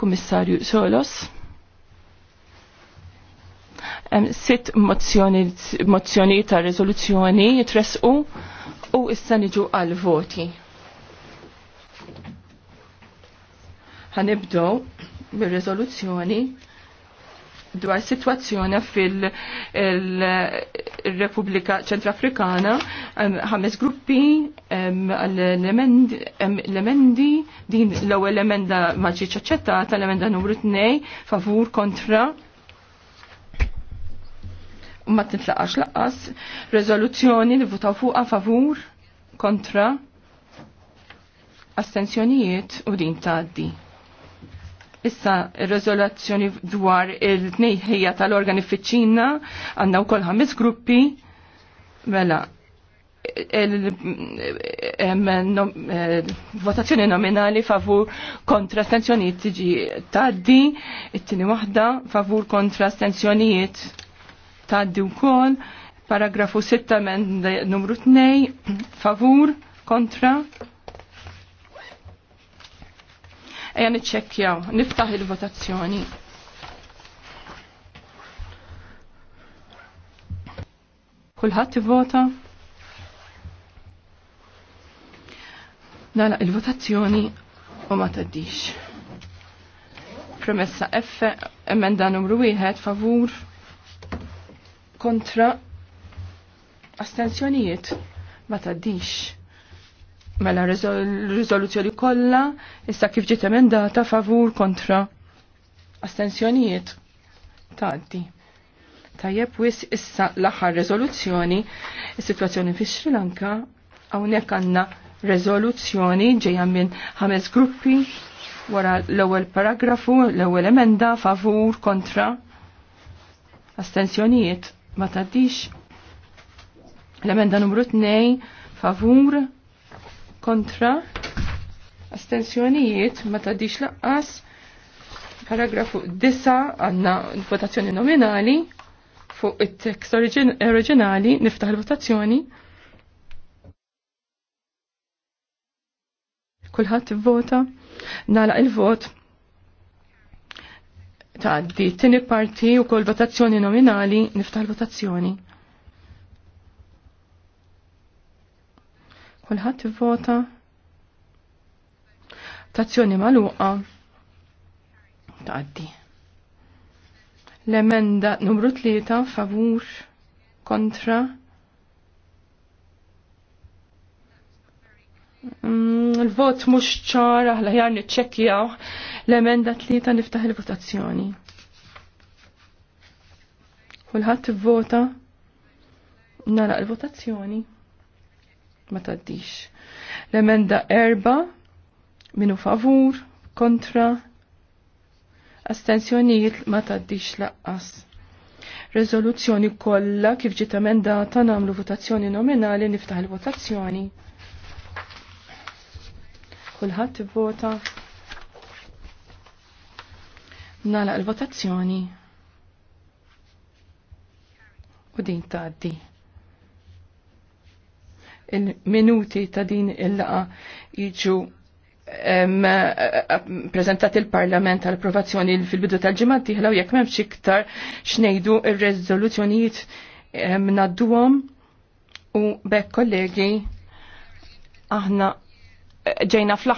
Kummissarju Solos. Sitt mozzjoni ta' rezoluzzjoni jitresqu u issa niġu għal voti. Ħanibdow bir-rezoluzzjoni dwar situazzjoni fil-Repubblika Ċentrafrikana, ħames gruppi l-emendi, din l-ewwel emenda maġiċ aċċettata, l-emenda numru 2, favur kontra ma t-tlaqax laqqas, rezoluzzjoni li votaw fuqa favur, kontra, astensjonijiet u din taddi. Issa il-rezolazzjoni dwar il-tnejħija tal-organi fiċċina għandna wkoll ħames gruppi mela eh, votazzjoni nominali favur kontra stenzjoniet tiġi taddi, it-tini waħda favur kontra stenzjoniet taddi wkoll, paragrafu 6 numru 2 favur kontra Eja niċċekkjaw, niftaħ il-votazzjoni. Kulħadd ivvota? Nala il-votazzjoni u ma taddix. Premessa F, emenda numru 1, favur, kontra, astensjonijiet, ma taddix. Mela rizoluzzjoni kollha issa kif ġiet emendata favur kontra astensjonijiet tgħaddi. Tajjeb wis issa l-aħħar rezoluzzjoni is-sitwazzjoni fi Sri Lanka hawnhekk għandna rezoluzzjoni ġejja minn ħames gruppi wara l-ewwel paragrafu, l-ewwel emenda favur kontra astensjonijiet ma tgħaddix. L-emenda numru 2 favur kontra astensjonijiet ma tadix laqqas paragrafu 9 għanna votazzjoni nominali fuq it-tekst oriġinali niftaħ il-votazzjoni kulħadd vota nalaq il-vot ta' di tini parti u kol votazzjoni nominali niftaħ il-votazzjoni. Kulħadd vota Tazzjoni magħluqa tgħaddi. L-emenda numru tlieta favur kontra Il-vot mm, mux ċar, aħla jar niċċekkjaw l-emenda tlieta niftaħ il-votazzjoni. Kulħadd tivvota? nara il-votazzjoni ma taddix. L-emenda erba minu favur, kontra, astenzjonijiet ma taddix laqqas. Rezoluzzjoni kollha kif ġiet emendata nagħmlu votazzjoni nominali niftaħ il-votazzjoni. Kulħadd ivvota. Nalaq il-votazzjoni. U din tgħaddi il-minuti ta' din il-laqa jiġu prezentat il-Parlament għal approvazzjoni fil-bidu tal-ġimgħat tieħla u jekk m'hemmx iktar xnejdu ir-reżoluzzjonijiet ngħadduhom u bekk kollegi aħna ġejna fl